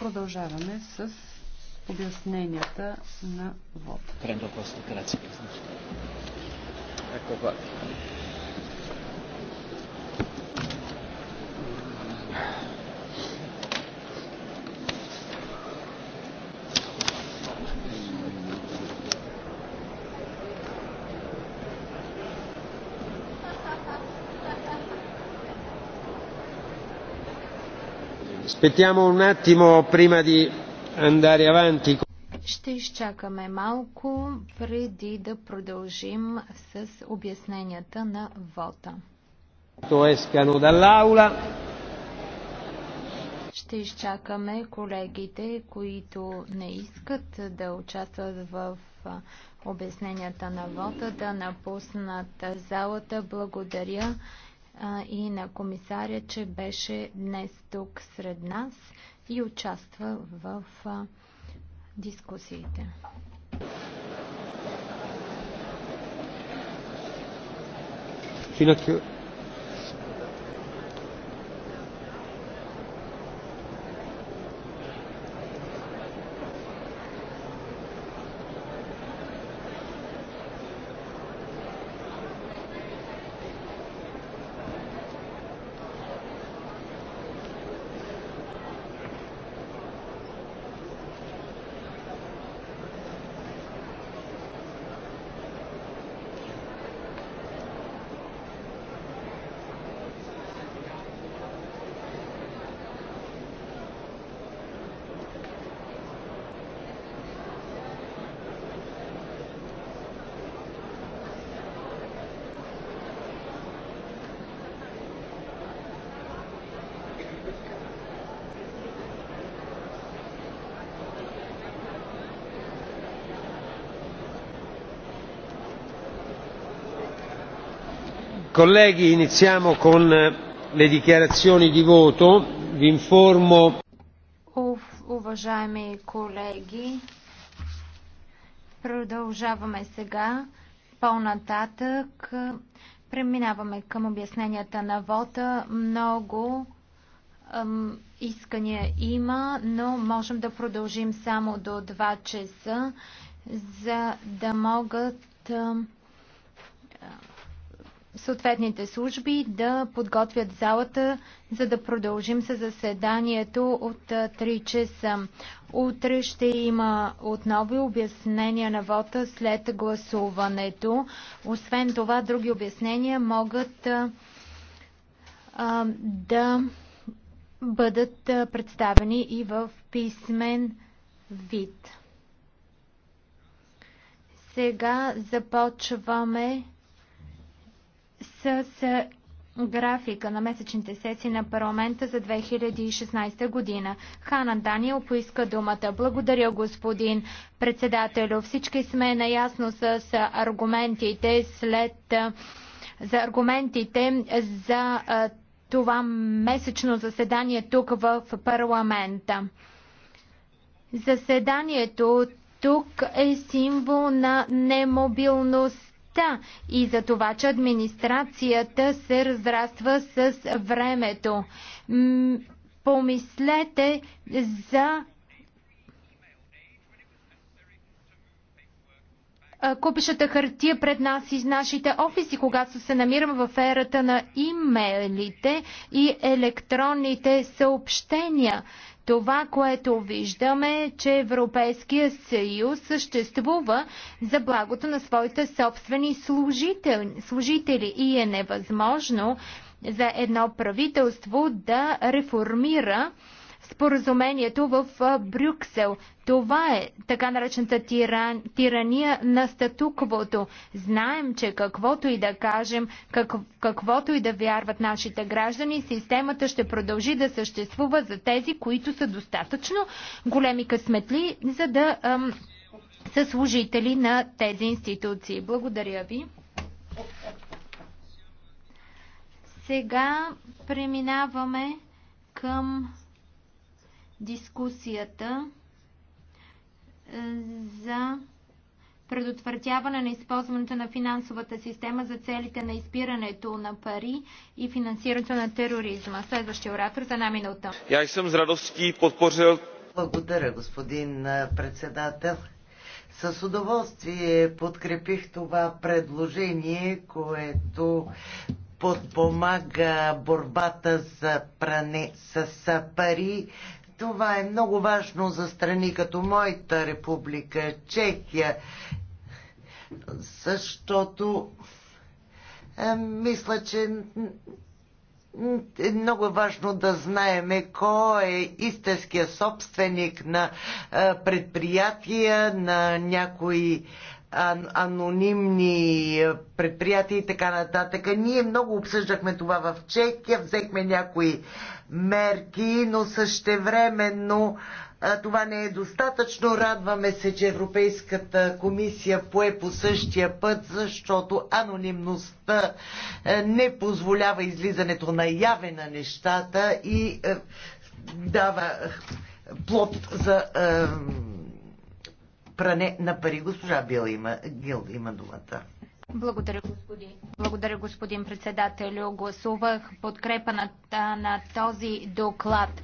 Продължаваме с обясненията на ВОД. Prendo просто grazie. Ако qua. Ще изчакаме малко преди да продължим с обясненията на вота. Ще изчакаме колегите, които не искат да участват в обясненията на вота, да напуснат залата. Благодаря и на комисаря, че беше днес тук сред нас и участва в дискусиите. Финансово Colleghi, iniziamo con eh, le dichiarazioni di voto. Vi informo. Уважаеми колеги, продължаваме сега по-нататък. Преминаваме към обясненията на вота. Много ем, искания има, но можем да продължим само до 2 часа, за да могат. Ем, съответните служби да подготвят залата, за да продължим със заседанието от 3 часа. Утре ще има отново обяснения на вота след гласуването. Освен това, други обяснения могат а, да бъдат представени и в писмен вид. Сега започваме с графика на месечните сесии на парламента за 2016 година. Хана Даниел поиска думата. Благодаря, господин председателю. Всички сме наясно с аргументите след за аргументите за това месечно заседание тук в парламента. Заседанието тук е символ на немобилност заетостта и за това, че администрацията се разраства с времето. Помислете за купищата хартия пред нас из нашите офиси, когато се намираме в ерата на имейлите и електронните съобщения. Това, което виждаме е, че Европейския съюз съществува за благото на своите собствени служители, служители и е невъзможно за едно правителство да реформира споразумението в Брюксел. Това е така наречената тиран, тирания на статуквото. Знаем, че каквото и да кажем, как, каквото и да вярват нашите граждани, системата ще продължи да съществува за тези, които са достатъчно големи късметли, за да ам, са служители на тези институции. Благодаря ви. Сега преминаваме към дискусията е, за предотвратяване на използването на финансовата система за целите на изпирането на пари и финансирането на тероризма. Следващия оратор за една минута. Я съм с и подпорил. Благодаря, господин председател. С удоволствие подкрепих това предложение, което подпомага борбата за пране с пари, това е много важно за страни като моята република, Чехия, защото е, мисля, че е много важно да знаеме кой е истинския собственик на е, предприятия, на някои е, анонимни предприятия и така нататък. Ние много обсъждахме това в Чехия, взехме някои мерки, но същевременно това не е достатъчно. Радваме се, че Европейската комисия пое по същия път, защото анонимността не позволява излизането на яве на нещата и дава плод за пране на пари. Госпожа Бил има, Гил има думата. Благодаря, господин. Благодаря, господин председателю. Гласувах подкрепа на, на този доклад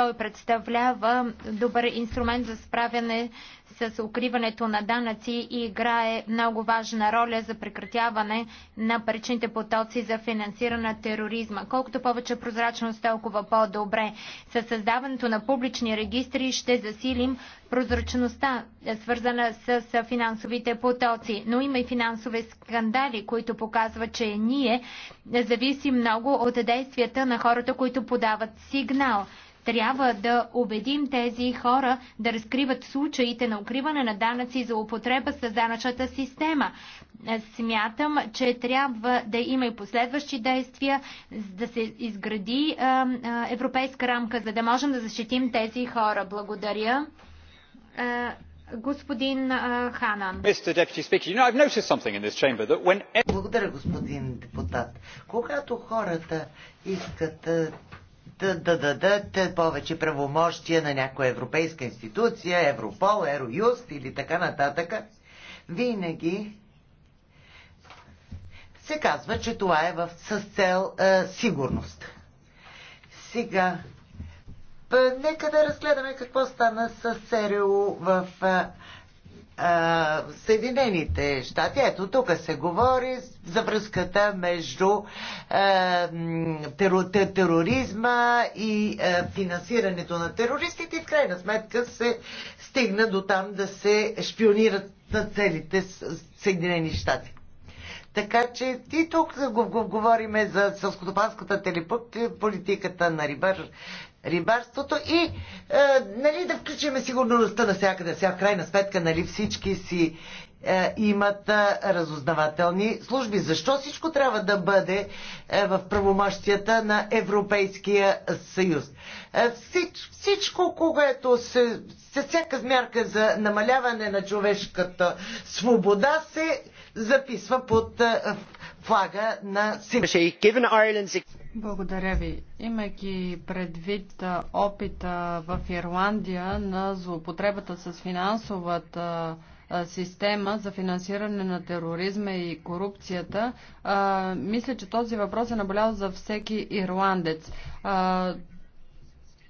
той представлява добър инструмент за справяне с укриването на данъци и играе много важна роля за прекратяване на паричните потоци за финансиране на тероризма. Колкото повече прозрачност, толкова по-добре. Със създаването на публични регистри ще засилим прозрачността, свързана с финансовите потоци. Но има и финансови скандали, които показват, че ние зависим много от действията на хората, които подават сигнал. Трябва да убедим тези хора да разкриват случаите на укриване на данъци за употреба с данъчната система. Смятам, че трябва да има и последващи действия, да се изгради европейска рамка, за да можем да защитим тези хора. Благодаря господин Ханан. Благодаря, господин депутат. Когато хората искат да дадат повече правомощия на някоя европейска институция, Европол, Ероюст или така нататък, винаги се казва, че това е в, с цел е, сигурност. Сега, пъ, нека да разгледаме какво стана с СРУ в е, а, Съединените щати. Ето, тук се говори за връзката между а, тероризма и а, финансирането на терористите и в крайна сметка се стигна до там да се шпионират на целите Съединени щати. Така че и тук говориме за селскотопанската политиката на рибар, рибарството и е, нали, да включиме сигурността навсякъде. Сега в крайна сметка нали, всички си е, имат е, разузнавателни служби. Защо всичко трябва да бъде е, в правомощията на Европейския съюз? Е, всич, всичко, което се, се всяка мярка за намаляване на човешката свобода се записва под е, флага на Благодаря ви. Имайки предвид е, опита в Ирландия на злоупотребата с финансовата е, система за финансиране на тероризма и корупцията, мисля, че този въпрос е наболял за всеки ирландец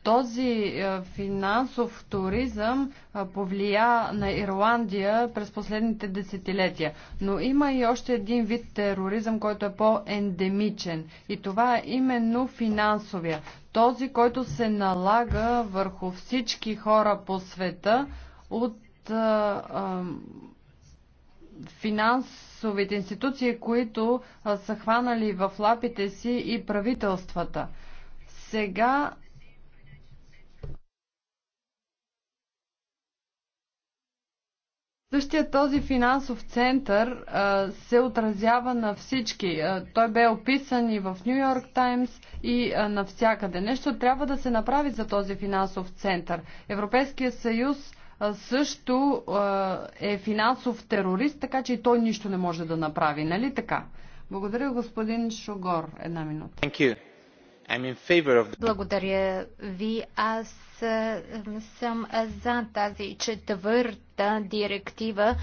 този е, финансов туризъм е, повлия на Ирландия през последните десетилетия. Но има и още един вид тероризъм, който е по-ендемичен. И това е именно финансовия. Този, който се налага върху всички хора по света от е, финансовите институции, които а, са хванали в лапите си и правителствата. Сега Същия този финансов център а, се отразява на всички. А, той бе описан и в Нью Йорк Таймс и а, навсякъде. Нещо трябва да се направи за този финансов център. Европейския съюз а, също а, е финансов терорист, така че и той нищо не може да направи. Нали така? Благодаря, господин Шогор. Една минута. Thank you. Благодаря ви. Аз съм за тази четвърта директива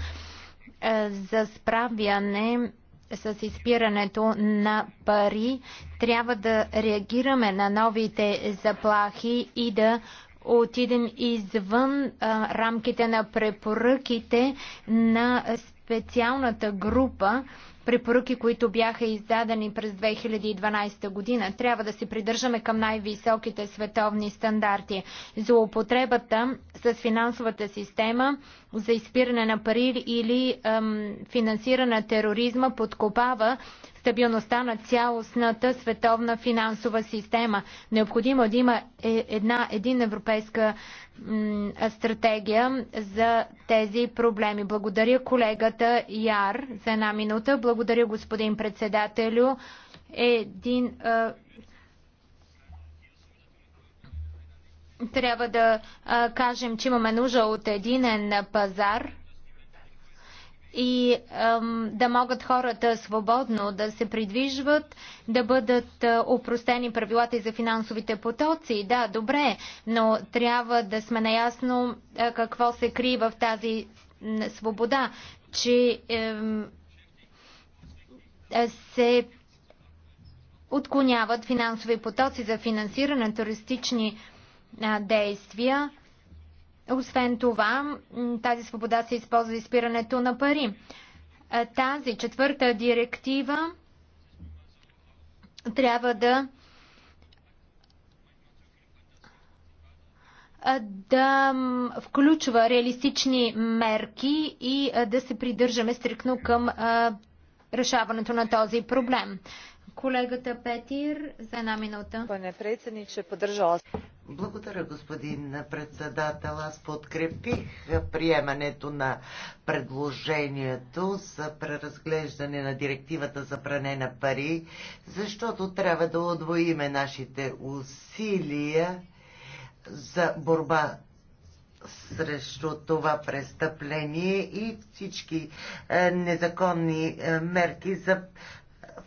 е, за справяне с изпирането на пари. Трябва да реагираме на новите заплахи и да отидем извън рамките на препоръките на специалната група препоръки, които бяха издадени през 2012 година. Трябва да се придържаме към най-високите световни стандарти. Злоупотребата с финансовата система за изпиране на пари или ем, финансиране на тероризма подкопава стабилността на цялостната световна финансова система. Необходимо е да има е, една, един европейска стратегия за тези проблеми. Благодаря колегата Яр за една минута. Благодаря господин председателю. Един а, трябва да а, кажем, че имаме нужда от единен пазар и ем, да могат хората свободно да се придвижват, да бъдат опростени правилата и за финансовите потоци. Да, добре, но трябва да сме наясно какво се крие в тази свобода, че ем, се отклоняват финансови потоци за финансиране на туристични действия освен това, тази свобода се използва и спирането на пари. Тази четвърта директива трябва да да включва реалистични мерки и да се придържаме стрикно към решаването на този проблем. Колегата Петир, за една минута. Пане председниче, поддържала. Благодаря, господин председател. Аз подкрепих приемането на предложението за преразглеждане на директивата за пране на пари, защото трябва да отвоиме нашите усилия за борба срещу това престъпление и всички е, незаконни е, мерки за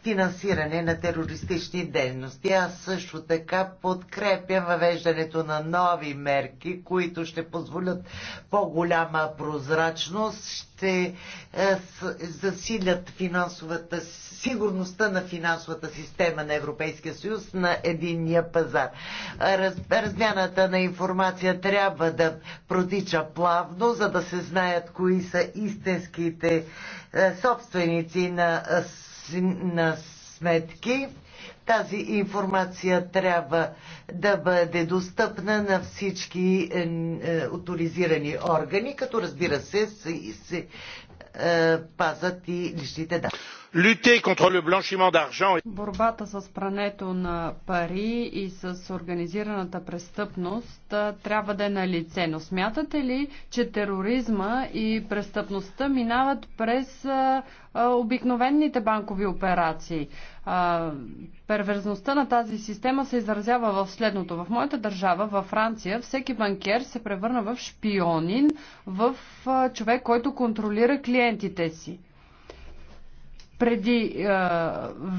финансиране на терористични дейности. Аз също така подкрепям въвеждането на нови мерки, които ще позволят по-голяма прозрачност, ще е, засилят финансовата сигурността на финансовата система на Европейския съюз на единния пазар. Раз, размяната на информация трябва да протича плавно, за да се знаят кои са истинските е, собственици на на сметки. Тази информация трябва да бъде достъпна на всички е, е, авторизирани органи, като разбира се, се, се е, пазат и личните данни lutter contre le blanchiment d'argent. Борбата с прането на пари и с организираната престъпност трябва да е на лице. Но смятате ли, че тероризма и престъпността минават през обикновените банкови операции? перверзността на тази система се изразява в следното. В моята държава, във Франция, всеки банкер се превърна в шпионин, в човек, който контролира клиентите си преди е,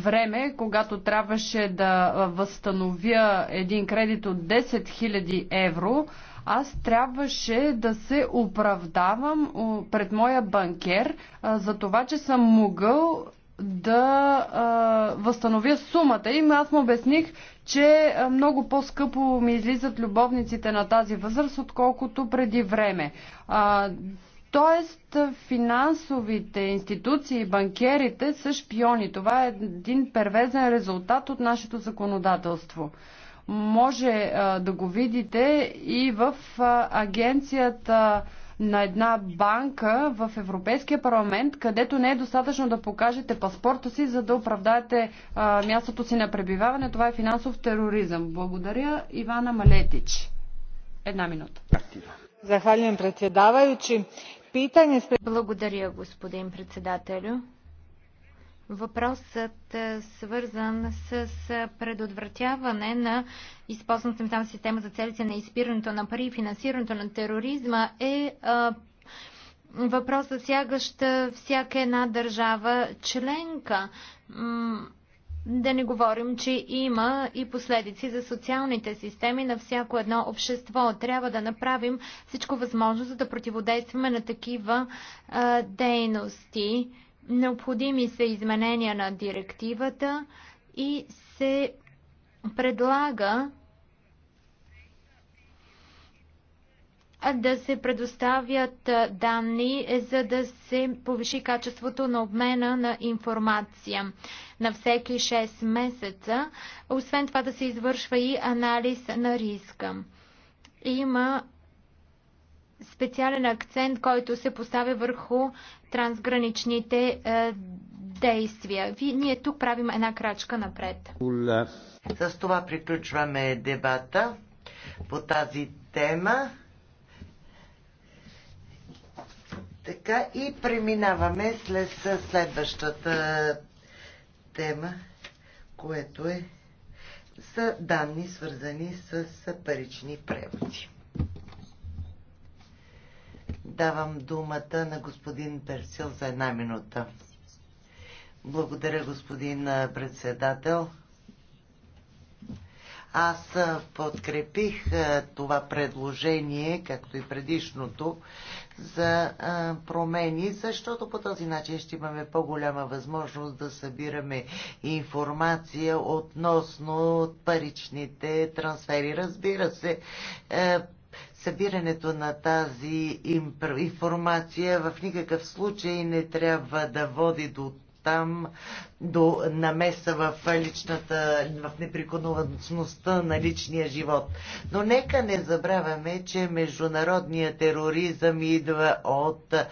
време, когато трябваше да е, възстановя един кредит от 10 000 евро, аз трябваше да се оправдавам пред моя банкер е, за това, че съм могъл да а, е, възстановя сумата И Аз му обясних, че много по-скъпо ми излизат любовниците на тази възраст, отколкото преди време. А, Тоест, финансовите институции и банкерите са шпиони. Това е един первезен резултат от нашето законодателство. Може а, да го видите и в а, агенцията на една банка в Европейския парламент, където не е достатъчно да покажете паспорта си, за да оправдаете а, мястото си на пребиваване. Това е финансов тероризъм. Благодаря, Ивана Малетич. Една минута. Захвалям predsjedavajući. Благодаря, господин председателю. Въпросът е, свързан с е, предотвратяване на използването на система за целите на изпирането на пари и финансирането на тероризма е въпросът, е, въпрос, засягащ всяка една държава членка. Да не говорим, че има и последици за социалните системи на всяко едно общество. Трябва да направим всичко възможно, за да противодействаме на такива а, дейности. Необходими са изменения на директивата и се предлага да се предоставят данни, е, за да се повиши качеството на обмена на информация на всеки 6 месеца. Освен това да се извършва и анализ на риска. Има специален акцент, който се поставя върху трансграничните е, действия. ние тук правим една крачка напред. С това приключваме дебата по тази тема. Така и преминаваме след следващата тема, което е са данни свързани с парични преводи. Давам думата на господин Персил за една минута. Благодаря, господин председател. Аз подкрепих това предложение, както и предишното, за а, промени, защото по този начин ще имаме по-голяма възможност да събираме информация относно паричните трансфери. Разбира се, а, събирането на тази информация в никакъв случай не трябва да води до там до намеса в личната, в неприкосновеността на личния живот. Но нека не забравяме, че международният тероризъм идва от е,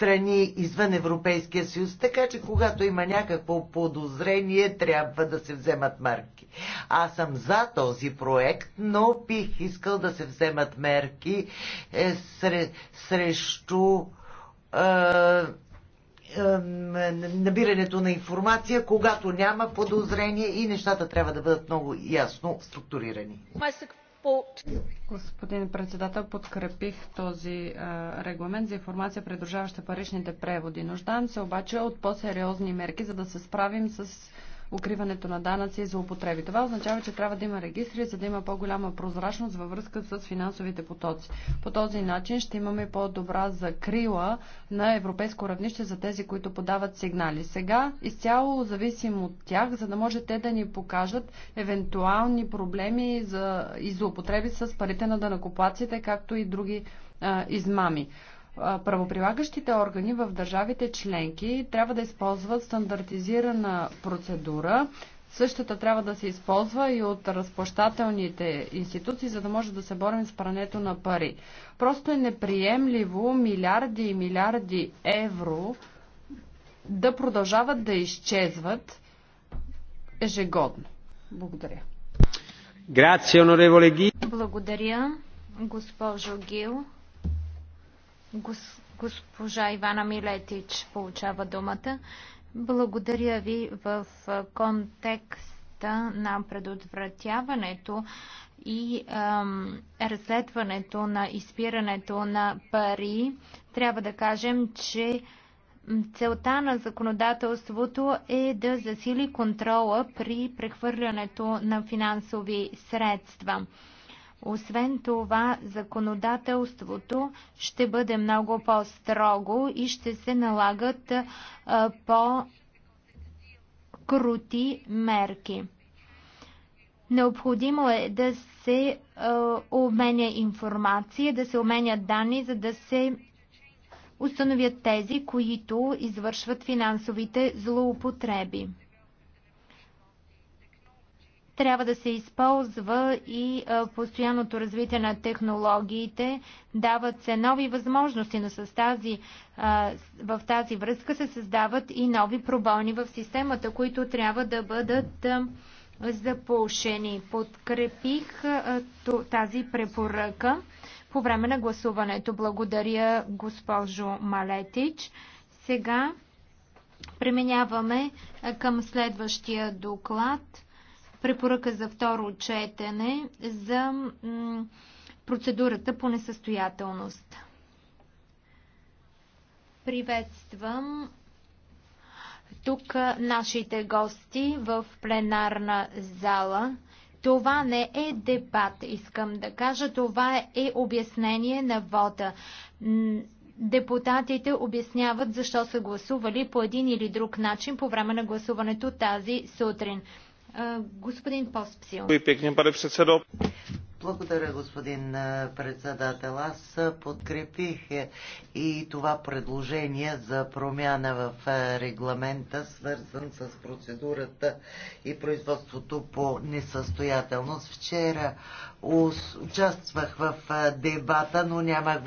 страни извън Европейския съюз, така че когато има някакво подозрение, трябва да се вземат мерки. Аз съм за този проект, но бих искал да се вземат мерки е, сре, срещу е, е, набирането на информация, когато няма подозрение и нещата трябва да бъдат много ясно структурирани. Господин председател, подкрепих този а, регламент за информация, придружаваща паричните преводи. Нуждаем се обаче от по-сериозни мерки, за да се справим с укриването на данъци и злоупотреби. Това означава, че трябва да има регистри, за да има по-голяма прозрачност във връзка с финансовите потоци. По този начин ще имаме по-добра закрила на европейско равнище за тези, които подават сигнали. Сега изцяло зависим от тях, за да може те да ни покажат евентуални проблеми за, и злоупотреби с парите на данъкоплаците, както и други а, измами правоприлагащите органи в държавите членки трябва да използват стандартизирана процедура. Същата трябва да се използва и от разплащателните институции, за да може да се борим с прането на пари. Просто е неприемливо милиарди и милиарди евро да продължават да изчезват ежегодно. Благодаря. Благодаря, госпожо Гил. Гос, госпожа Ивана Милетич получава думата. Благодаря ви в контекста на предотвратяването и ем, разследването на изпирането на пари. Трябва да кажем, че целта на законодателството е да засили контрола при прехвърлянето на финансови средства. Освен това, законодателството ще бъде много по-строго и ще се налагат по-крути мерки. Необходимо е да се обменя информация, да се обменят данни, за да се установят тези, които извършват финансовите злоупотреби. Трябва да се използва и постоянното развитие на технологиите. Дават се нови възможности, но с тази, в тази връзка се създават и нови пробойни в системата, които трябва да бъдат запушени. Подкрепих тази препоръка по време на гласуването. Благодаря, госпожо Малетич. Сега Преминяваме към следващия доклад препоръка за второ четене за процедурата по несъстоятелност. Приветствам тук нашите гости в пленарна зала. Това не е дебат, искам да кажа. Това е обяснение на вода. Депутатите обясняват защо са гласували по един или друг начин по време на гласуването тази сутрин. Господин Поспсил. Благодаря, господин председател. Аз подкрепих е, и това предложение за промяна в регламента, свързан с процедурата и производството по несъстоятелност. Вчера участвах в дебата, но нямах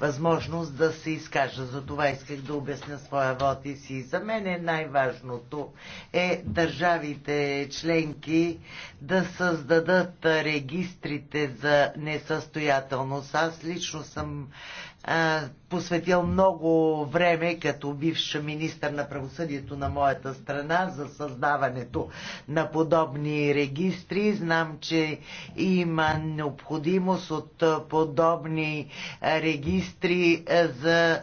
възможност да се изкажа. За това исках да обясня своя вод и си. За мен е най-важното е държавите членки да създадат регистрите за несъстоятелност. Аз лично съм посветил много време като бивш министр на правосъдието на моята страна за създаването на подобни регистри. Знам, че има необходимост от подобни регистри за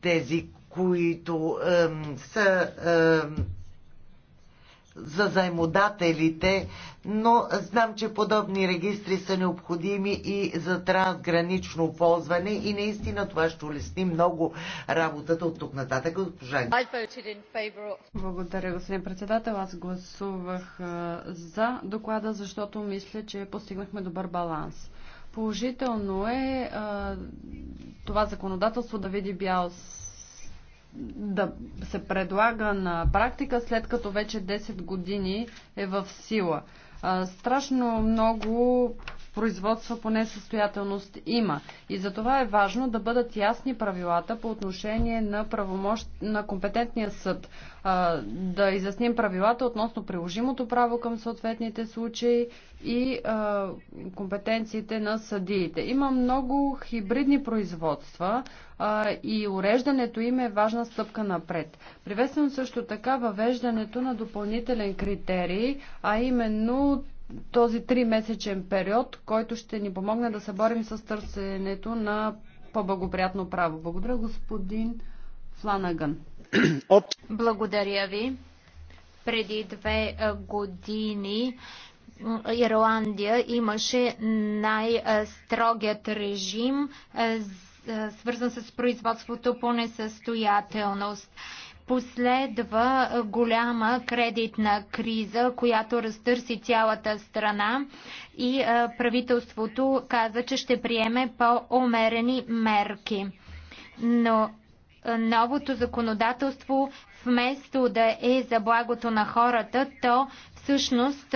тези, които са за заемодателите, но знам, че подобни регистри са необходими и за трансгранично ползване и наистина това ще улесни много работата от тук нататък. Госпожа... Благодаря, господин председател. Аз гласувах за доклада, защото мисля, че постигнахме добър баланс. Положително е това законодателство да види бял да се предлага на практика, след като вече 10 години е в сила. Страшно много производства по несъстоятелност има. И за това е важно да бъдат ясни правилата по отношение на, правомощ... на компетентния съд. А, да изясним правилата относно приложимото право към съответните случаи и а, компетенциите на съдиите. Има много хибридни производства а, и уреждането им е важна стъпка напред. Приветствам също така въвеждането на допълнителен критерий, а именно този три месечен период, който ще ни помогне да се борим с търсенето на по-благоприятно право. Благодаря, господин Фланаган. Благодаря ви. Преди две години Ирландия имаше най-строгият режим, свързан с производството по несъстоятелност. Последва голяма кредитна криза, която разтърси цялата страна и правителството каза, че ще приеме по-умерени мерки. Но новото законодателство, вместо да е за благото на хората, то всъщност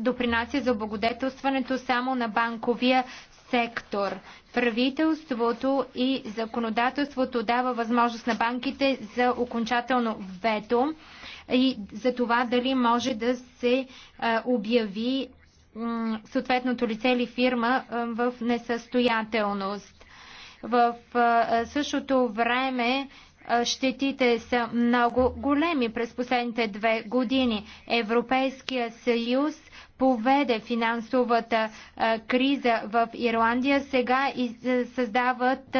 допринася за облагодетелстването само на банковия сектор. Правителството и законодателството дава възможност на банките за окончателно вето и за това дали може да се обяви съответното лице или фирма в несъстоятелност. В същото време щетите са много големи през последните две години. Европейския съюз поведе финансовата криза в Ирландия, сега и създават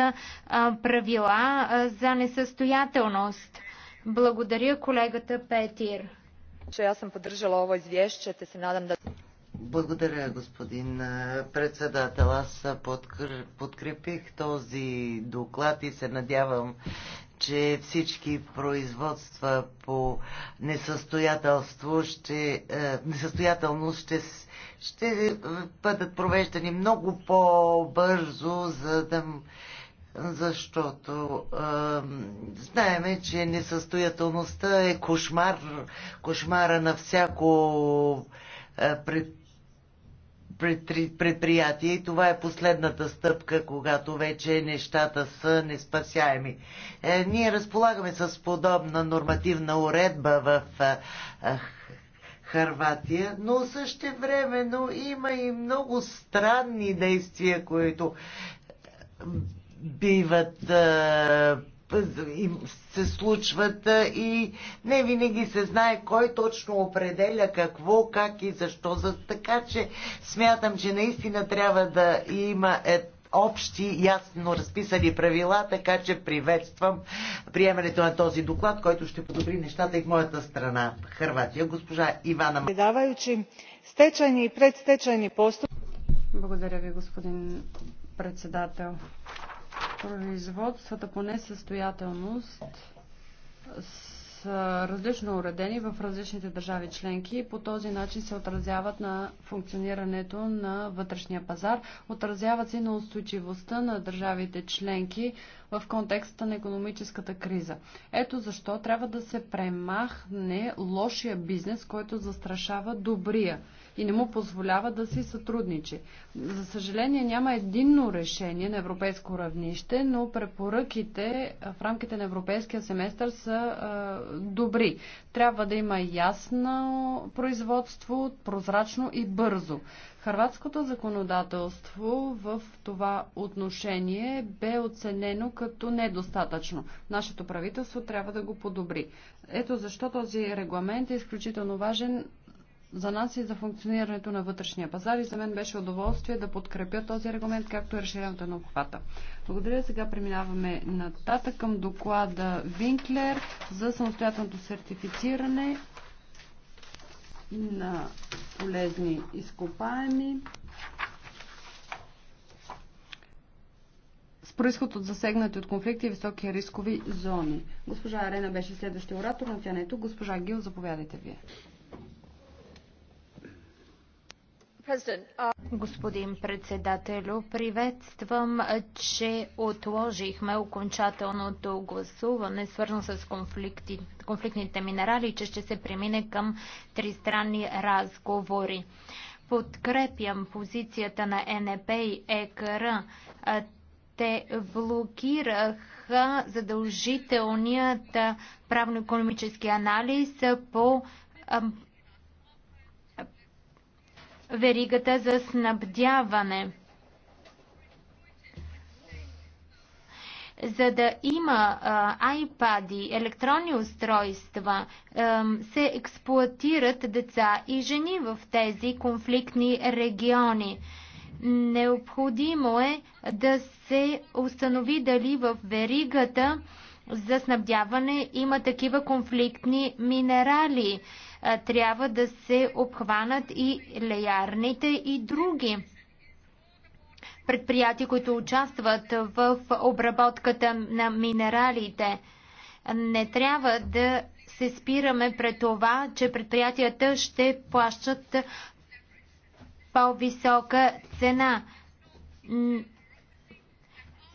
правила за несъстоятелност. Благодаря колегата Петир. Че аз съм поддържала ово извещче, те се надам да... Благодаря, господин председател. Аз подкрепих този доклад и се надявам, че всички производства по несъстоятелство ще, е, несъстоятелност ще, ще е, бъдат провеждани много по-бързо, за да защото е, знаеме, че несъстоятелността е кошмар, кошмара на всяко е, предприятие предприятия и това е последната стъпка, когато вече нещата са неспасяеми. Е, ние разполагаме с подобна нормативна уредба в Харватия, но също времено има и много странни действия, които биват се случват и не винаги се знае кой точно определя какво, как и защо. За, така че смятам, че наистина трябва да има е, общи, ясно разписани правила, така че приветствам приемането на този доклад, който ще подобри нещата и в моята страна, Харватия. Госпожа Ивана Предаваючи, стечайни и предстечайни постъпки. Благодаря ви, господин председател. Производствата по несъстоятелност са различно уредени в различните държави членки и по този начин се отразяват на функционирането на вътрешния пазар, отразяват се на устойчивостта на държавите членки в контекста на економическата криза. Ето защо трябва да се премахне лошия бизнес, който застрашава добрия и не му позволява да си сътрудничи. За съжаление няма единно решение на европейско равнище, но препоръките в рамките на европейския семестър са добри. Трябва да има ясно производство, прозрачно и бързо. Харватското законодателство в това отношение бе оценено като недостатъчно. Нашето правителство трябва да го подобри. Ето защо този регламент е изключително важен за нас и за функционирането на вътрешния пазар и за мен беше удоволствие да подкрепя този регламент, както и е разширената на обхвата. Благодаря. Сега преминаваме нататък към доклада Винклер за самостоятелното сертифициране на полезни изкопаеми с происход от засегнати от конфликти и високи рискови зони. Госпожа Арена беше следващия оратор, но тя не е тук. Госпожа Гил, заповядайте вие. Uh, Господин председателю, приветствам, че отложихме окончателното гласуване, свързано с конфликти, конфликтните минерали, че ще се премине към тристранни разговори. Подкрепям позицията на НП и ЕКР. Те блокираха задължителният правно-економически анализ по веригата за снабдяване. За да има а, iPad-и, електронни устройства, а, се експлуатират деца и жени в тези конфликтни региони. Необходимо е да се установи дали в веригата за снабдяване има такива конфликтни минерали. Трябва да се обхванат и леярните и други предприятия, които участват в обработката на минералите. Не трябва да се спираме пред това, че предприятията ще плащат по-висока цена.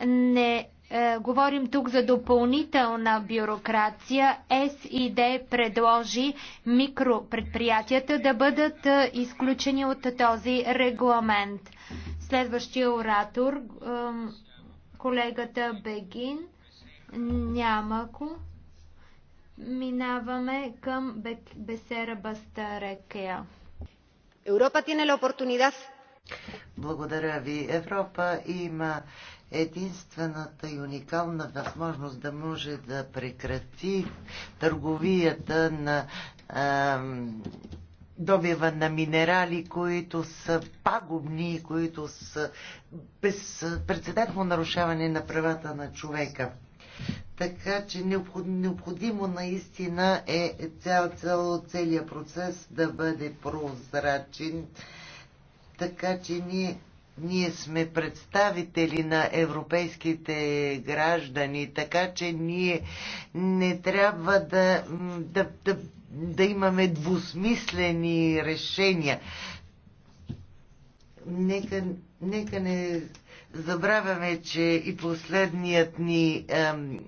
Не е, говорим тук за допълнителна бюрокрация, СИД предложи микропредприятията да бъдат е, изключени от този регламент. Следващия оратор, колегата Бегин, няма го. Минаваме към Бесера Бастарекея. Европа tiene ли опортунидас? Благодаря ви. Европа има единствената и уникална възможност да може да прекрати търговията на добива на минерали, които са пагубни, които са безпредседентно нарушаване на правата на човека. Така че необходимо наистина е цял, цял, целият процес да бъде прозрачен, така че ние ние сме представители на европейските граждани, така че ние не трябва да, да, да, да имаме двусмислени решения. Нека, нека не забравяме, че и последният ни ем,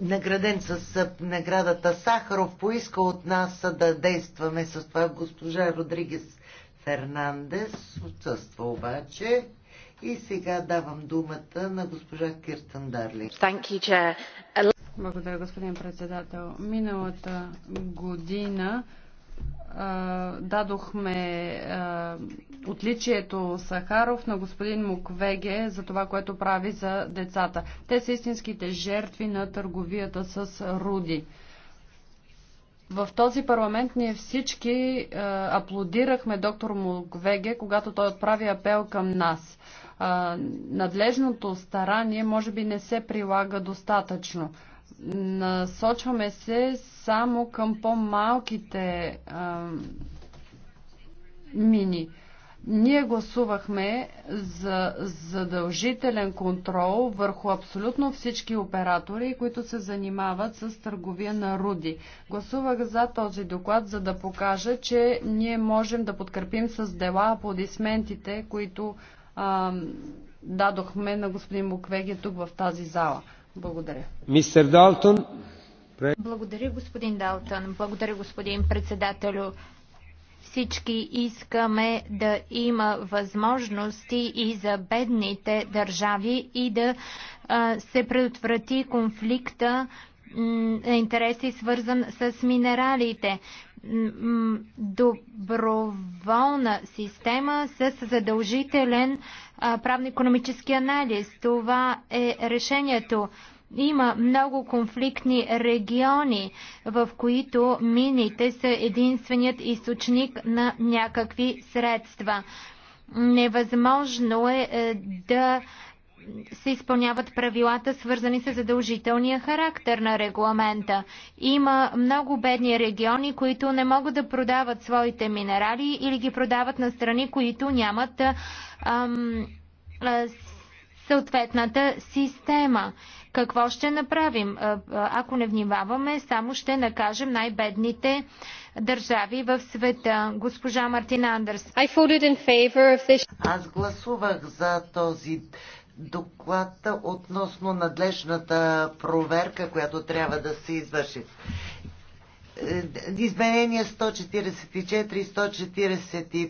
награден с наградата Сахаров поиска от нас да действаме с това госпожа Родригес Фернандес отсъства обаче. И сега давам думата на госпожа Киртън Дарли. Благодаря, господин председател. Миналата година а, дадохме а, отличието Сахаров на господин Муквеге за това, което прави за децата. Те са истинските жертви на търговията с руди. В този парламент ние всички е, аплодирахме доктор Муквеге, когато той отправи апел към нас. Е, надлежното старание може би не се прилага достатъчно. Насочваме се само към по-малките мини. Ние гласувахме за задължителен контрол върху абсолютно всички оператори, които се занимават с търговия на руди. Гласувах за този доклад, за да покажа, че ние можем да подкрепим с дела аплодисментите, които а, дадохме на господин Буквеги тук в тази зала. Благодаря. Мистер Далтон. Благодаря, господин Далтън, Благодаря, господин председателю. Всички искаме да има възможности и за бедните държави и да се предотврати конфликта на интереси, свързан с минералите. Доброволна система с задължителен правно-економически анализ. Това е решението. Има много конфликтни региони, в които мините са единственият източник на някакви средства. Невъзможно е, е, да се изпълняват правилата, свързани с задължителния характер на регламента. Има много бедни региони, които не могат да продават своите минерали или ги продават на страни, които нямат ам, съответната система. Какво ще направим? Ако не внимаваме, само ще накажем най-бедните държави в света. Госпожа Мартин Андерс. Аз гласувах за този доклад относно надлежната проверка, която трябва да се извърши. Е, изменения 144 и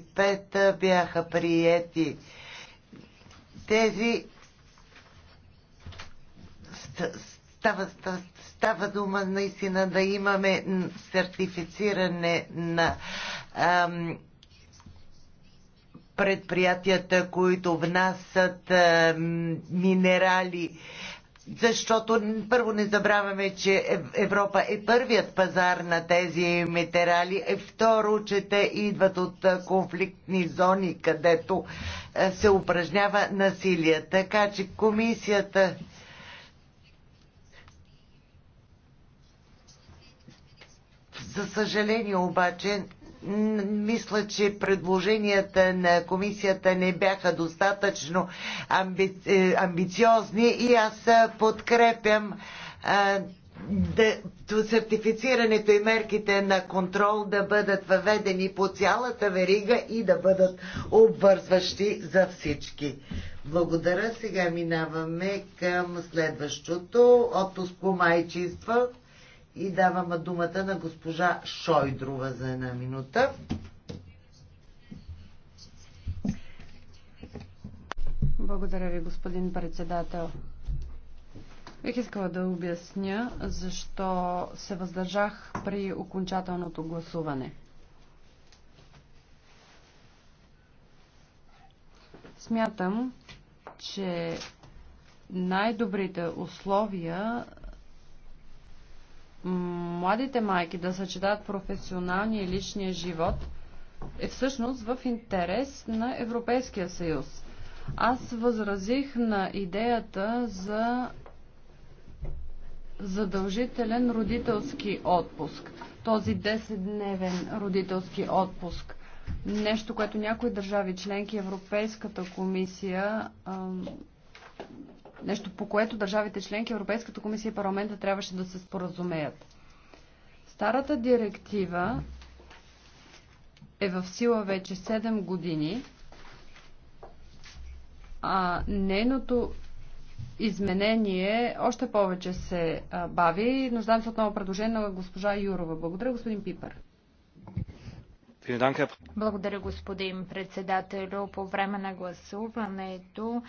145 бяха приети. Тези става, става дума наистина да имаме сертифициране на ам, предприятията, които внасят минерали защото първо не забравяме, че Европа е първият пазар на тези метерали, е второ, че те идват от конфликтни зони, където се упражнява насилие. Така че комисията За съжаление обаче, мисля, че предложенията на комисията не бяха достатъчно амби... Е, амбициозни и аз подкрепям а, да, сертифицирането и мерките на контрол да бъдат въведени по цялата верига и да бъдат обвързващи за всички. Благодаря. Сега минаваме към следващото отпуск по майчинство и давам думата на госпожа Шойдрова за една минута. Благодаря ви, господин председател. Бих искала да обясня защо се въздържах при окончателното гласуване. Смятам, че най-добрите условия младите майки да съчетават професионалния и личния живот е всъщност в интерес на Европейския съюз. Аз възразих на идеята за задължителен родителски отпуск. Този 10-дневен родителски отпуск. Нещо, което някои държави членки, Европейската комисия Нещо по което държавите членки, Европейската комисия и парламента трябваше да се споразумеят. Старата директива е в сила вече 7 години, а нейното изменение още повече се бави. Нуждам се от ново предложение на госпожа Юрова. Благодаря, господин Пипър. Благодаря, господин председател, По време на гласуването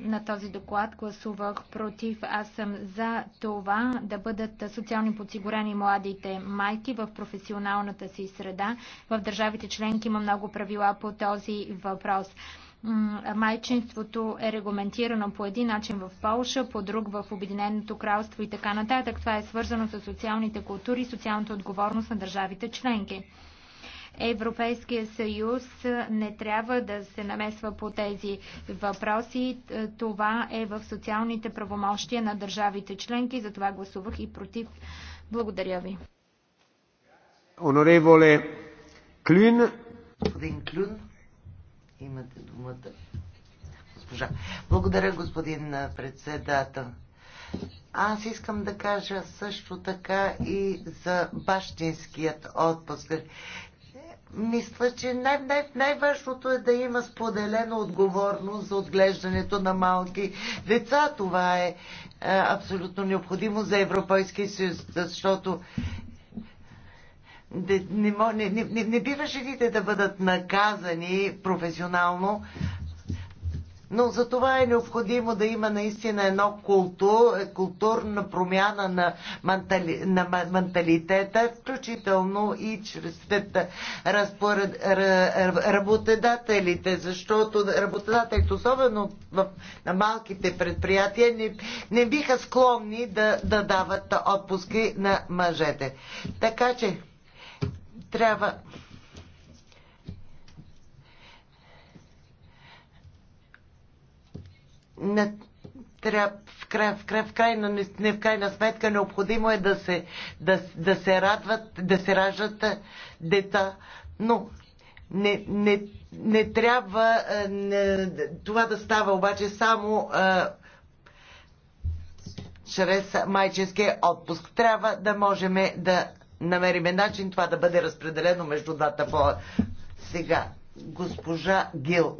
на този доклад гласувах против. Аз съм за това да бъдат социално подсигурени младите майки в професионалната си среда. В държавите членки има много правила по този въпрос майчинството е регламентирано по един начин в Полша, по друг в Обединеното кралство и така нататък. Това е свързано с социалните култури и социалната отговорност на държавите членки. Европейския съюз не трябва да се намесва по тези въпроси. Това е в социалните правомощия на държавите членки, затова гласувах и против. Благодаря ви. Онореволе Клюн. Господин Клюн, имате думата. Госпожа. Благодаря, господин председател. Аз искам да кажа също така и за бащинският отпуск мисля, че най- най- най-важното е да има споделена отговорност за отглеждането на малки деца. Това е, а, е, абсолютно необходимо за Европейския съюз, защото не, не, не, не бива жените да бъдат наказани професионално но за това е необходимо да има наистина едно култур, културна промяна на, ментали, на менталитета, включително и чрез разпоред, работодателите, защото работодателите, особено в, на малките предприятия, не, не биха склонни да, да дават отпуски на мъжете. Така че трябва на, трябва, в, край, в, край, в, крайна, не, в крайна сметка необходимо е да се, да, да се радват, да се раждат деца, но не, не, не трябва не, това да става обаче само а, чрез майчинския отпуск. Трябва да можем да намериме начин това да бъде разпределено между двата пола. Сега, госпожа Гил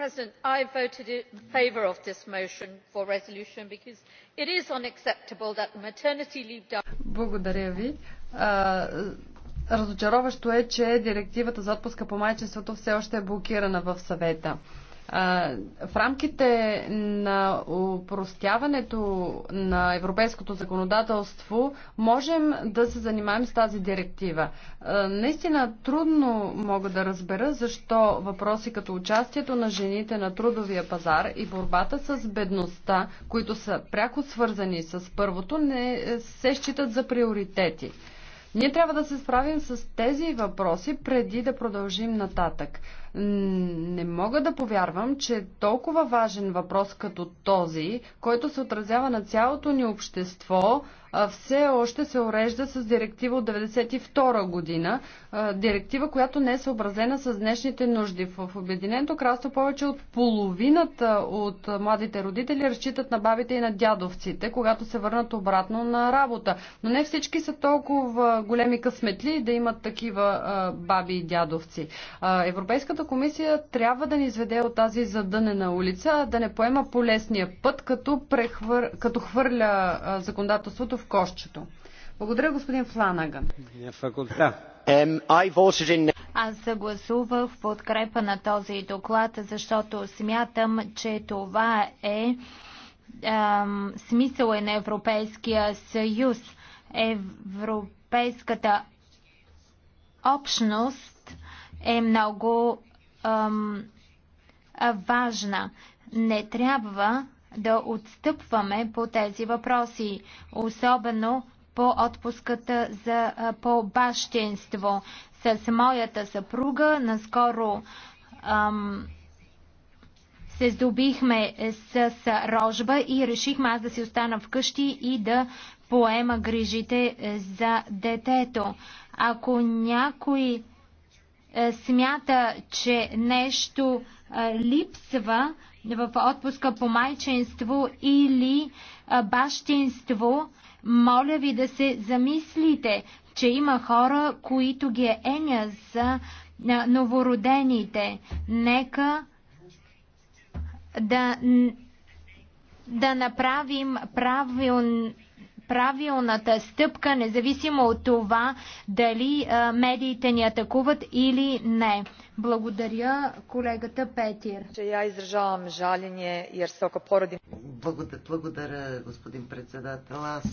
president i voted in favour of this motion for a resolution because it is unacceptable that maternity leave. Благодаря ви. Разочароващо е, че директивата за отпуска по майчинството все още е блокирана в съвета. В рамките на упростяването на европейското законодателство можем да се занимаем с тази директива. Наистина трудно мога да разбера защо въпроси като участието на жените на трудовия пазар и борбата с бедността, които са пряко свързани с първото, не се считат за приоритети. Ние трябва да се справим с тези въпроси преди да продължим нататък. Не мога да повярвам, че толкова важен въпрос като този, който се отразява на цялото ни общество, все още се урежда с директива от 1992 година. Директива, която не е съобразена с днешните нужди. В Обединеното кралство повече от половината от младите родители разчитат на бабите и на дядовците, когато се върнат обратно на работа. Но не всички са толкова големи късметли да имат такива баби и дядовци. Европейската Европейската комисия трябва да ни изведе от тази задънена улица, да не поема полесния път, като, прехвър... като хвърля законодателството в кошчето. Благодаря, господин Фланаган. Аз съгласувах в подкрепа на този доклад, защото смятам, че това е ем, смисъл е на Европейския съюз. Европейската общност е много ам, важна. Не трябва да отстъпваме по тези въпроси, особено по отпуската за, по бащенство. С моята съпруга наскоро ам, се здобихме с рожба и решихме аз да си остана вкъщи и да поема грижите е, за детето. Ако някой е, смята, че нещо е, липсва в отпуска по майчинство или е, бащинство, моля ви да се замислите, че има хора, които ги е еня за новородените. Нека да, да направим правилно правилната стъпка, независимо от това дали медиите ни атакуват или не. Благодаря колегата Петир. Че я изражавам жаление, и se oko porodim... Благодаря, господин председател. Аз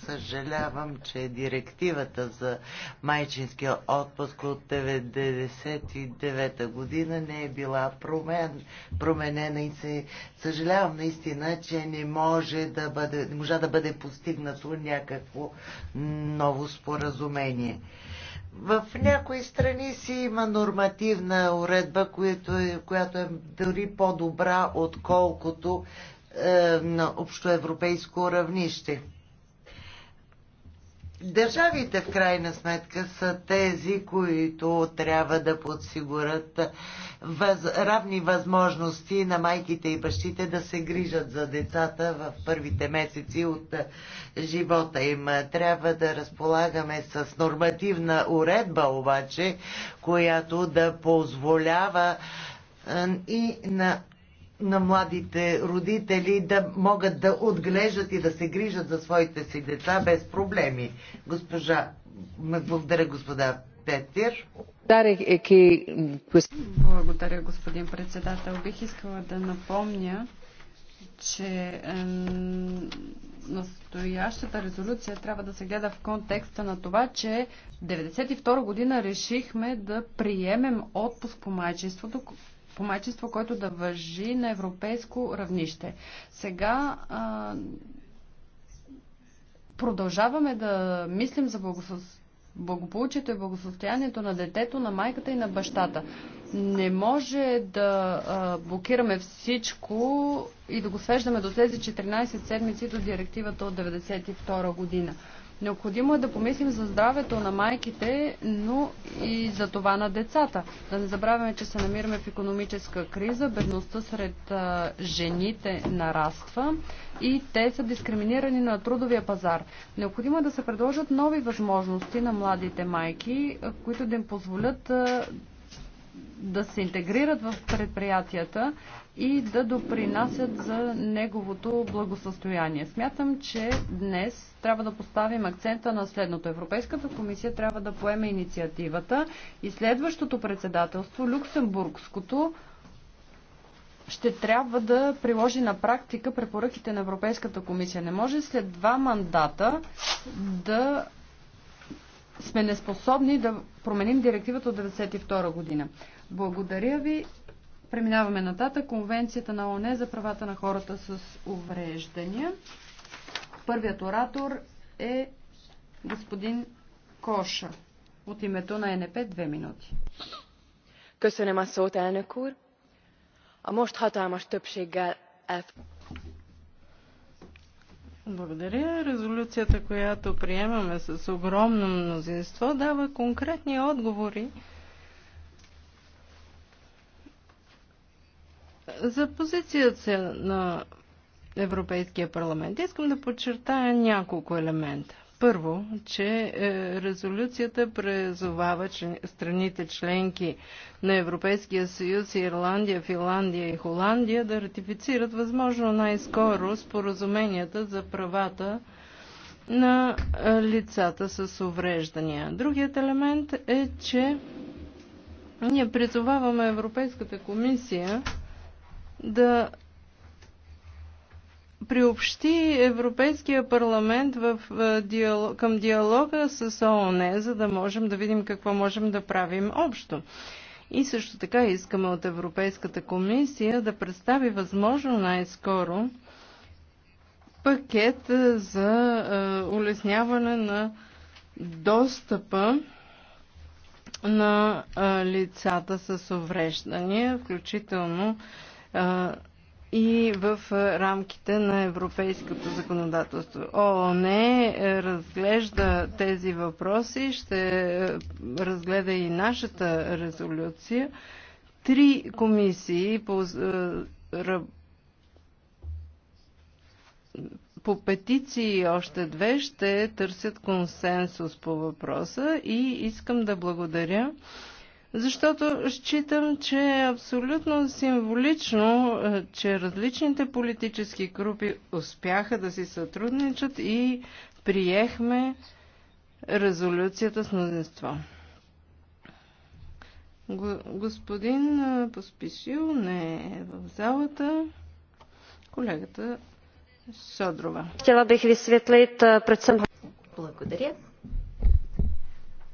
съжалявам, че директивата за майчинския отпуск от 1999 година не е била промен, променена и се съжалявам наистина, че не може да бъде, не може да бъде постигнато някакво ново споразумение. В някои страни си има нормативна уредба, която е, която е дори по-добра, отколкото е, на общоевропейско равнище. Държавите в крайна сметка са тези, които трябва да подсигурят въз... равни възможности на майките и бащите да се грижат за децата в първите месеци от живота им. Трябва да разполагаме с нормативна уредба обаче, която да позволява е, и на на младите родители да могат да отглеждат и да се грижат за своите си деца без проблеми. Госпожа, благодаря господа Петир. Благодаря, господин председател. Бих искала да напомня, че настоящата резолюция трябва да се гледа в контекста на това, че 1992 година решихме да приемем отпуск по майчеството по майчество, който да въжи на европейско равнище. Сега а, продължаваме да мислим за благополучието и благосостоянието на детето, на майката и на бащата. Не може да а, блокираме всичко и да го свеждаме до тези 14 седмици до директивата от 1992 година. Необходимо е да помислим за здравето на майките, но и за това на децата. Да не забравяме, че се намираме в економическа криза, бедността сред жените нараства и те са дискриминирани на трудовия пазар. Необходимо е да се предложат нови възможности на младите майки, които да им позволят да се интегрират в предприятията и да допринасят за неговото благосъстояние. Смятам, че днес трябва да поставим акцента на следното. Европейската комисия трябва да поеме инициативата и следващото председателство, люксембургското, ще трябва да приложи на практика препоръките на Европейската комисия. Не може след два мандата да сме неспособни да променим директивата от 1992 година. Благодаря ви. Преминаваме нататък. Конвенцията на ОНЕ за правата на хората с увреждания. Първият оратор е господин Коша. От името на НП две минути. Köszönöm a szót, elnök úr. A most hatalmas благодаря. Резолюцията, която приемаме с огромно мнозинство, дава конкретни отговори за позицията на Европейския парламент. Искам да подчертая няколко елемента. Първо, че е, резолюцията презовава страните членки на Европейския съюз Ирландия, Финландия и Холандия да ратифицират възможно най-скоро споразуменията за правата на е, лицата с увреждания. Другият елемент е, че ние призоваваме Европейската комисия да приобщи Европейския парламент в, диалог, към диалога с ООН, за да можем да видим какво можем да правим общо. И също така искаме от Европейската комисия да представи възможно най-скоро пакет за улесняване на достъпа на лицата с увреждания, включително и в рамките на европейското законодателство. ООН е, разглежда тези въпроси, ще е, разгледа и нашата резолюция. Три комисии по, е, по петиции и още две ще търсят консенсус по въпроса и искам да благодаря защото считам, че е абсолютно символично, е, че различните политически групи успяха да си сътрудничат и приехме резолюцията с мнозинство. Господин е, Поспишил не е в залата. Колегата Содрова. Хотела бих висветлит е, пред съм... Благодаря.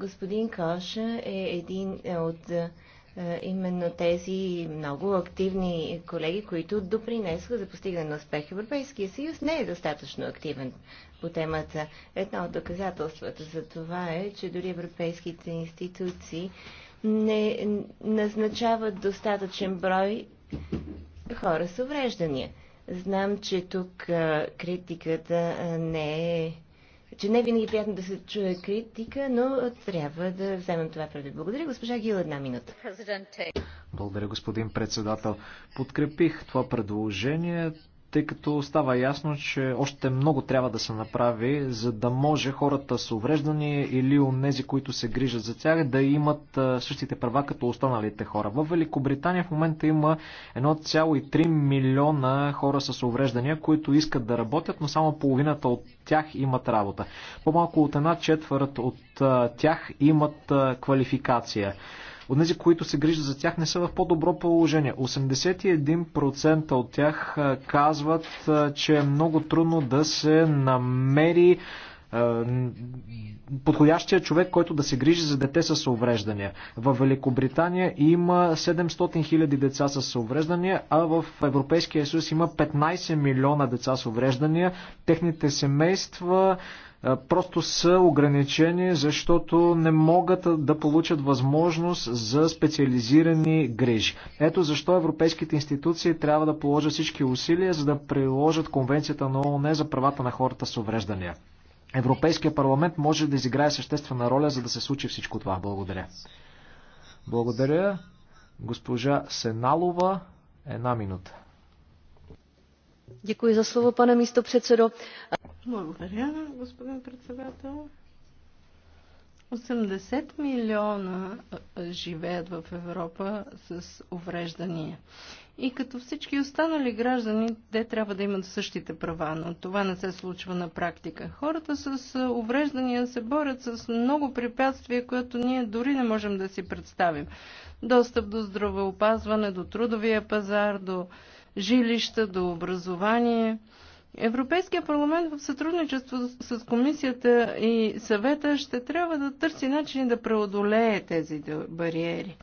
господин Коша е един от е, именно тези много активни колеги, които допринесоха за постигане на успех. Европейския съюз не е достатъчно активен по темата. Едно от доказателствата за това е, че дори европейските институции не назначават достатъчен брой хора с увреждания. Знам, че тук е, критиката е, не е че не винаги е приятно да се чуе критика, но трябва да вземем това предвид. Благодаря, госпожа Гил, една минута. Благодаря, господин председател. Подкрепих това предложение тъй като става ясно, че още много трябва да се направи, за да може хората с увреждания или онези, които се грижат за тях, да имат същите права като останалите хора. В Великобритания в момента има 1,3 милиона хора с увреждания, които искат да работят, но само половината от тях имат работа. По-малко от една четвърт от тях имат квалификация от тези, които се грижат за тях, не са в по-добро положение. 81% от тях казват, че е много трудно да се намери подходящия човек, който да се грижи за дете с увреждания. В Великобритания има 700 000 деца с увреждания, а в Европейския съюз има 15 милиона деца с увреждания. Техните семейства просто са ограничени, защото не могат да получат възможност за специализирани грижи. Ето защо европейските институции трябва да положат всички усилия, за да приложат Конвенцията на ООН за правата на хората с увреждания. Европейския парламент може да изиграе съществена роля, за да се случи всичко това. Благодаря. Благодаря. Госпожа Сеналова, една минута. Děkuji za slovo, pane místo předsedo. Благодаря, господин председател. 80 милиона живеят в Европа с увреждания. И като всички останали граждани, те трябва да имат същите права, но това не се случва на практика. Хората с увреждания се борят с много препятствия, които ние дори не можем да си представим. Достъп до здравеопазване, до трудовия пазар, до жилища, до образование – Европейския парламент в сътрудничество с комисията и съвета ще трябва да търси начини да преодолее тези бариери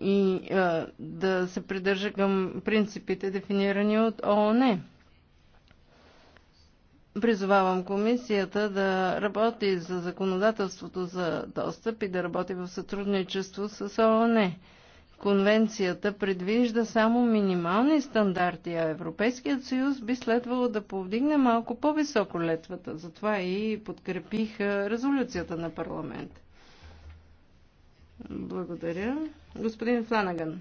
и а, да се придържа към принципите, дефинирани от ООН. Призовавам комисията да работи за законодателството за достъп и да работи в сътрудничество с ООН. Конвенцията предвижда само минимални стандарти, а Европейският съюз би следвало да повдигне малко по-високо летвата. Затова и подкрепих резолюцията на парламент. Благодаря. Господин Фланаган.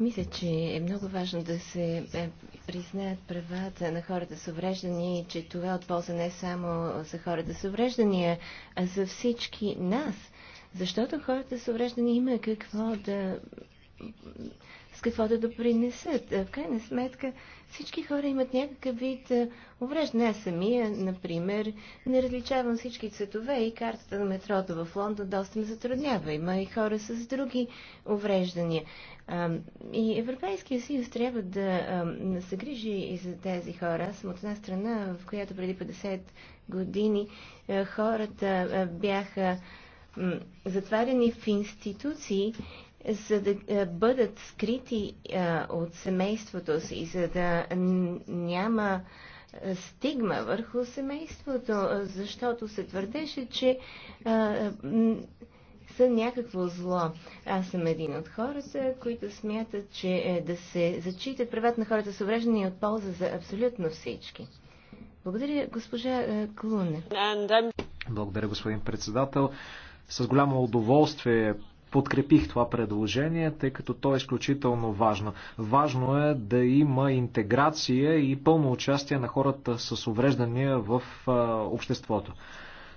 Мисля, че е много важно да се е, признаят правата на хората с увреждания и че това е от полза не само за хората с увреждания, а за всички нас – защото хората с увреждане има какво да с какво да допринесат. В крайна сметка всички хора имат някакъв вид увреждане. Аз самия, например, не различавам всички цветове и картата на метрото в Лондон доста ме затруднява. Има и хора с други увреждания. И Европейския съюз трябва да се грижи и за тези хора. Аз съм от една страна, в която преди 50 години хората бяха затваряни в институции, за да бъдат скрити от семейството си, за да няма стигма върху семейството, защото се твърдеше, че са някакво зло. Аз съм един от хората, които смятат, че е, да се зачитат правата на хората с увреждания е от полза за абсолютно всички. Благодаря, госпожа Клуне. Благодаря, господин председател. С голямо удоволствие подкрепих това предложение, тъй като то е изключително важно. Важно е да има интеграция и пълно участие на хората с увреждания в обществото.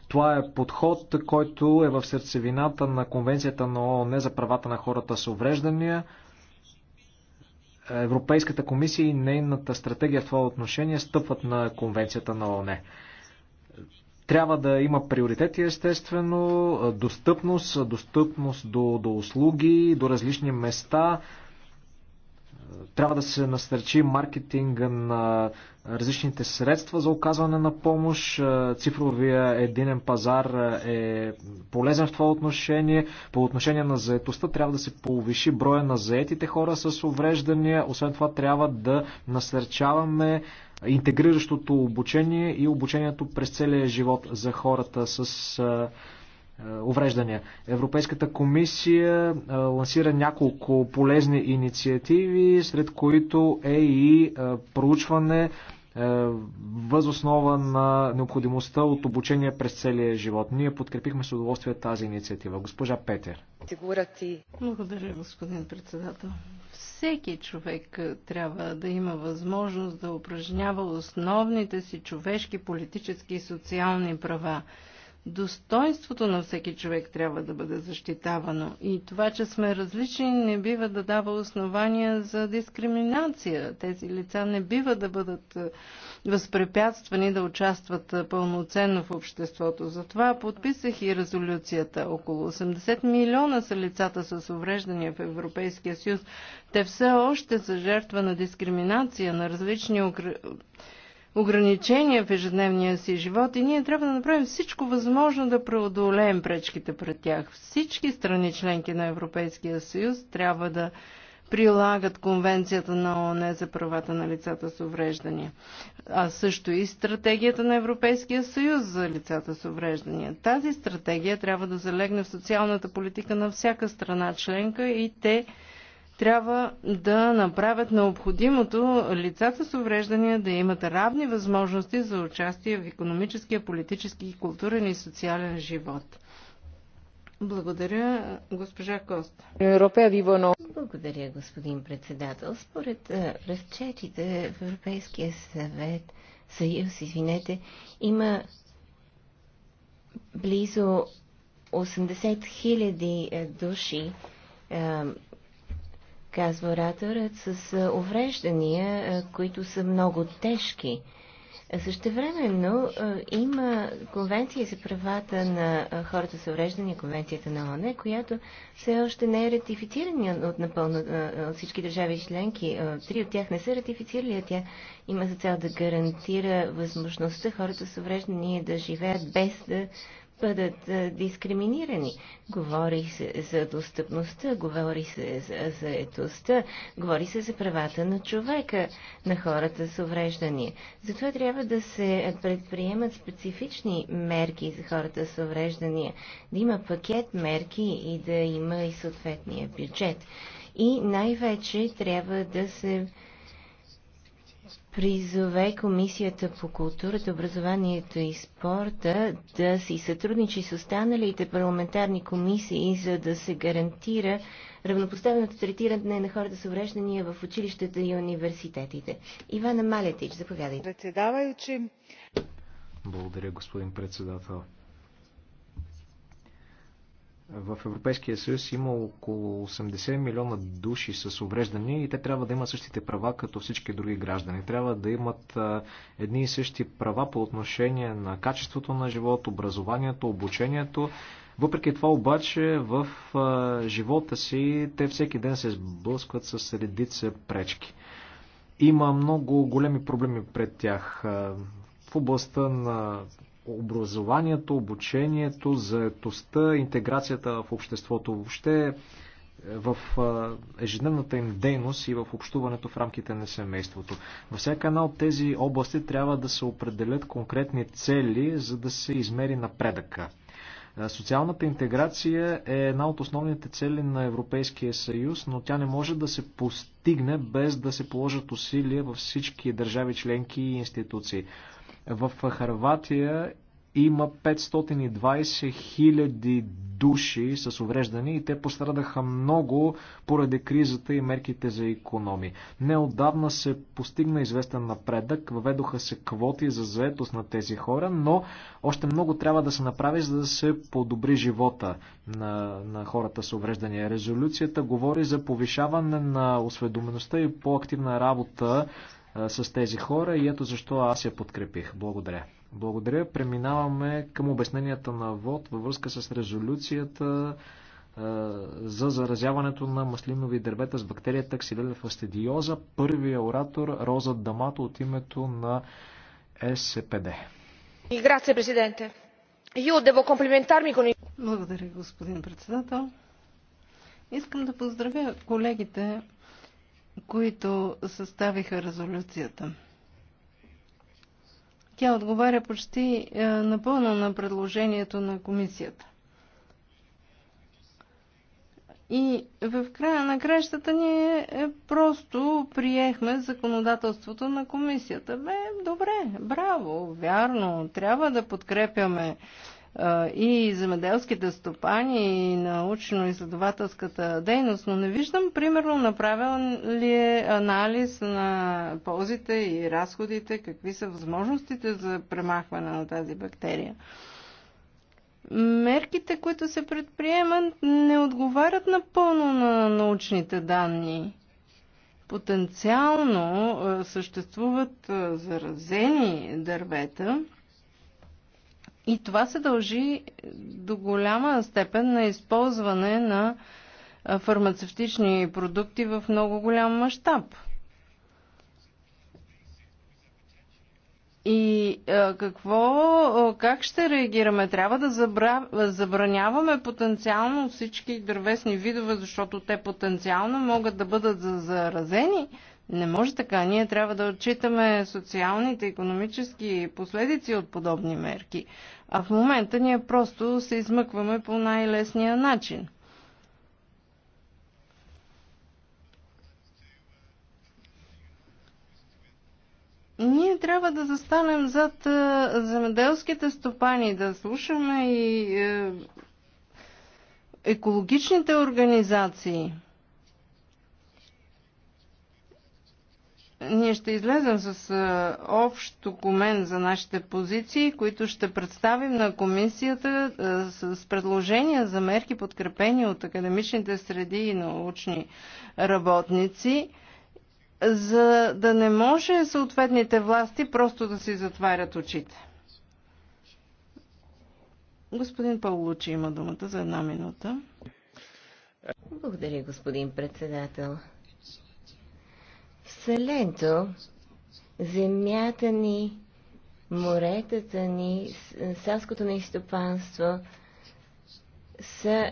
Това е подход, който е в сърцевината на Конвенцията на ООН за правата на хората с увреждания. Европейската комисия и нейната стратегия в това отношение стъпват на Конвенцията на ООН. Трябва да има приоритети, естествено, достъпност, достъпност до, до услуги, до различни места, трябва да се насърчи маркетинга на различните средства за оказване на помощ. Цифровия единен пазар е полезен в това отношение. По отношение на заетостта трябва да се повиши броя на заетите хора с увреждания. Освен това трябва да насърчаваме интегриращото обучение и обучението през целия живот за хората с е, увреждания. Европейската комисия е, лансира няколко полезни инициативи, сред които е и е, проучване възоснова на необходимостта от обучение през целия живот. Ние подкрепихме с удоволствие тази инициатива. Госпожа Петер. Благодаря, господин председател. Всеки човек трябва да има възможност да упражнява основните си човешки, политически и социални права достоинството на всеки човек трябва да бъде защитавано. И това, че сме различни, не бива да дава основания за дискриминация. Тези лица не бива да бъдат е, възпрепятствани да участват е, пълноценно в обществото. Затова подписах и резолюцията. Около 80 милиона са лицата с увреждания в Европейския съюз. Те все още са жертва на дискриминация, на различни ограничения в ежедневния си живот и ние трябва да направим всичко възможно да преодолеем пречките пред тях. Всички страни членки на Европейския съюз трябва да прилагат конвенцията на ООН за правата на лицата с увреждания, а също и стратегията на Европейския съюз за лицата с увреждания. Тази стратегия трябва да залегне в социалната политика на всяка страна членка и те трябва да направят необходимото лицата с увреждания да имат равни възможности за участие в економическия, политически, културен и социален живот. Благодаря, госпожа Коста. Благодаря, господин председател. Според е, разчетите в Европейския съвет, съюз, извинете, има близо 80 000 е, души е, казва ораторът, с увреждания, които са много тежки. Същевременно има Конвенция за правата на хората с увреждания, Конвенцията на ОНЕ, която все още не е ратифицирана от, напълно, от всички държави членки. Три от тях не са ратифицирали, а тя има за цел да гарантира възможността хората с увреждания да живеят без да бъдат дискриминирани. Говори се за достъпността, говори се за заедостта, говори се за правата на човека, на хората с увреждания. Затова трябва да се предприемат специфични мерки за хората с увреждания, да има пакет мерки и да има и съответния бюджет. И най-вече трябва да се призове Комисията по културата, образованието и спорта да си сътрудничи с останалите парламентарни комисии, за да се гарантира равнопоставеното третиране на хората с увреждания в училищата и университетите. Ивана Малетич, заповядайте. Председавайте. Благодаря, господин председател в Европейския съюз има около 80 милиона души с увреждания и те трябва да имат същите права като всички други граждани. Трябва да имат едни и същи права по отношение на качеството на живот, образованието, обучението. Въпреки това обаче в живота си те всеки ден се сблъскват с редица пречки. Има много големи проблеми пред тях в областта на образованието, обучението, заетостта, интеграцията в обществото въобще е, в ежедневната им дейност и в общуването в рамките на семейството. Във всяка една от тези области трябва да се определят конкретни цели, за да се измери напредъка. Социалната интеграция е една от основните цели на Европейския съюз, но тя не може да се постигне без да се положат усилия във всички държави членки и институции. В Харватия има 520 хиляди души с увреждани и те пострадаха много поради кризата и мерките за економи. Неодавна се постигна известен напредък, въведоха се квоти за заетост на тези хора, но още много трябва да се направи, за да се подобри живота на, на хората с увреждания. Резолюцията говори за повишаване на осведомеността и по-активна работа с тези хора и ето защо аз я подкрепих. Благодаря. Благодаря. Преминаваме към обясненията на ВОД във връзка с резолюцията за заразяването на маслинови дървета с бактерията Xylella фастидиоза. Първия оратор Роза Дамато от името на СПД. Грация, президенте. Io devo complimentarmi con Благодаря, господин председател. Искам да поздравя колегите които съставиха резолюцията. Тя отговаря почти е, напълно на предложението на комисията. И в края на кращата ние е, просто приехме законодателството на комисията. Бе, добре, браво, вярно, трябва да подкрепяме и земеделските стопани, и научно-изследователската дейност, но не виждам, примерно, направен ли е анализ на ползите и разходите, какви са възможностите за премахване на тази бактерия. Мерките, които се предприемат, не отговарят напълно на научните данни потенциално съществуват заразени дървета, и това се дължи до голяма степен на използване на фармацевтични продукти в много голям мащаб. И а, какво, как ще реагираме? Трябва да забра, забраняваме потенциално всички дървесни видове, защото те потенциално могат да бъдат заразени. Не може така. Ние трябва да отчитаме социалните, економически последици от подобни мерки. А в момента ние просто се измъкваме по най-лесния начин. Ние трябва да застанем зад е, земеделските стопани, да слушаме и е, екологичните организации. Ние ще излезем с общ документ за нашите позиции, които ще представим на комисията с предложения за мерки, подкрепени от академичните среди и научни работници за да не може съответните власти просто да си затварят очите. Господин Павлучи има думата за една минута. Благодаря, господин председател. Саленто, земята ни, моретата ни, селското ни стопанство са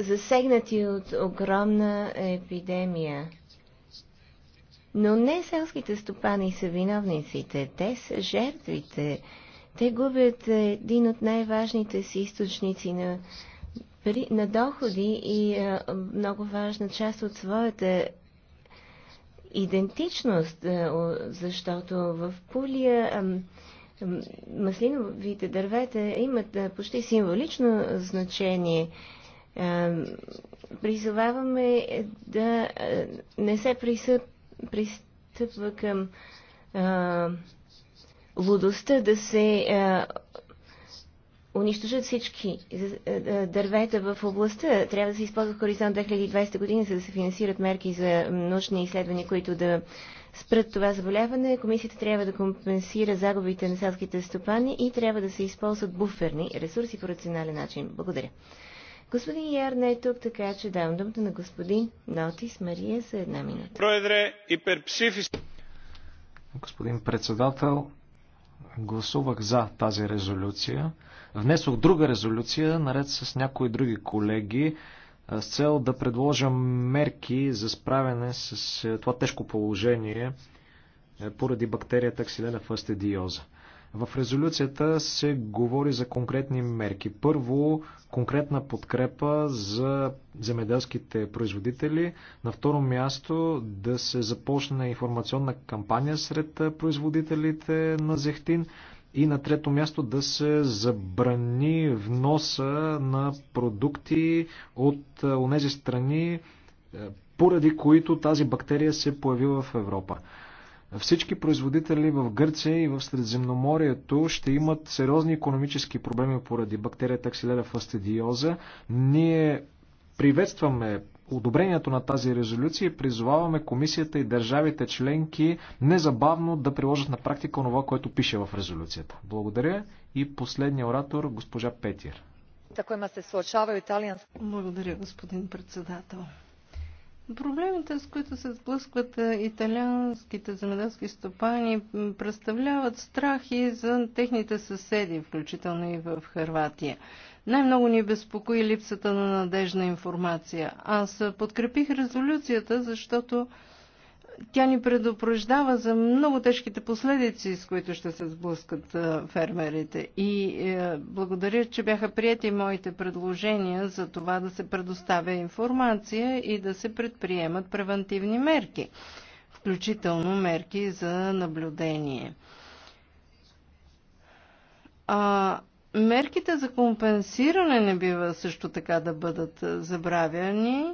засегнати от огромна епидемия. Но не селските стопани са виновниците, те са жертвите. Те губят един от най-важните си източници на, на доходи и много важна част от своята идентичност, е, защото в Пулия маслиновите дървета имат е, почти символично значение. Призоваваме да е, не се пристъпва към лудостта, да се унищожат всички е, е, е, дървета в областта. Трябва да се използва Хоризонт 2020 година, за да се финансират мерки за научни изследвания, които да спрат това заболяване. Комисията трябва да компенсира загубите на селските стопани и трябва да се използват буферни ресурси по рационален начин. Благодаря. Господин Яр не е тук, така че давам думата на господин Нотис Мария за една минута. Господин председател, гласувах за тази резолюция, внесох друга резолюция, наред с някои други колеги, с цел да предложа мерки за справяне с това тежко положение поради бактерията ксилена фастедиоза. В резолюцията се говори за конкретни мерки. Първо, конкретна подкрепа за земеделските производители. На второ място, да се започне информационна кампания сред производителите на зехтин. И на трето място да се забрани вноса на продукти от тези е, страни, е, поради които тази бактерия се появи в Европа. Всички производители в Гърция и в Средиземноморието ще имат сериозни економически проблеми поради бактерията Xylella фастидиоза. Ние приветстваме одобрението на тази резолюция призоваваме комисията и държавите членки незабавно да приложат на практика това, което пише в резолюцията. Благодаря и последния оратор, госпожа Петир. се Благодаря, господин председател. Проблемите, с които се сблъскват е, италианските земеделски стопани, представляват страхи за техните съседи, включително и в Харватия. Най-много ни безпокои липсата на надежна информация. Аз подкрепих резолюцията, защото тя ни предупреждава за много тежките последици, с които ще се сблъскат фермерите. И е, благодаря, че бяха прияти моите предложения за това да се предоставя информация и да се предприемат превентивни мерки, включително мерки за наблюдение. А, Мерките за компенсиране не бива също така да бъдат забравяни,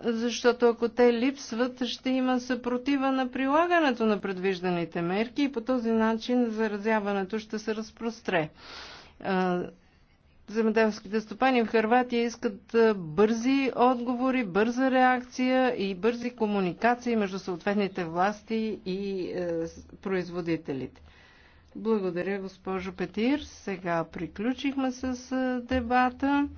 защото ако те липсват, ще има съпротива на прилагането на предвижданите мерки и по този начин заразяването ще се разпростре. Земеделските стопани в Харватия искат бързи отговори, бърза реакция и бързи комуникации между съответните власти и производителите. Благодаря, госпожо Петир. Сега приключихме с дебата.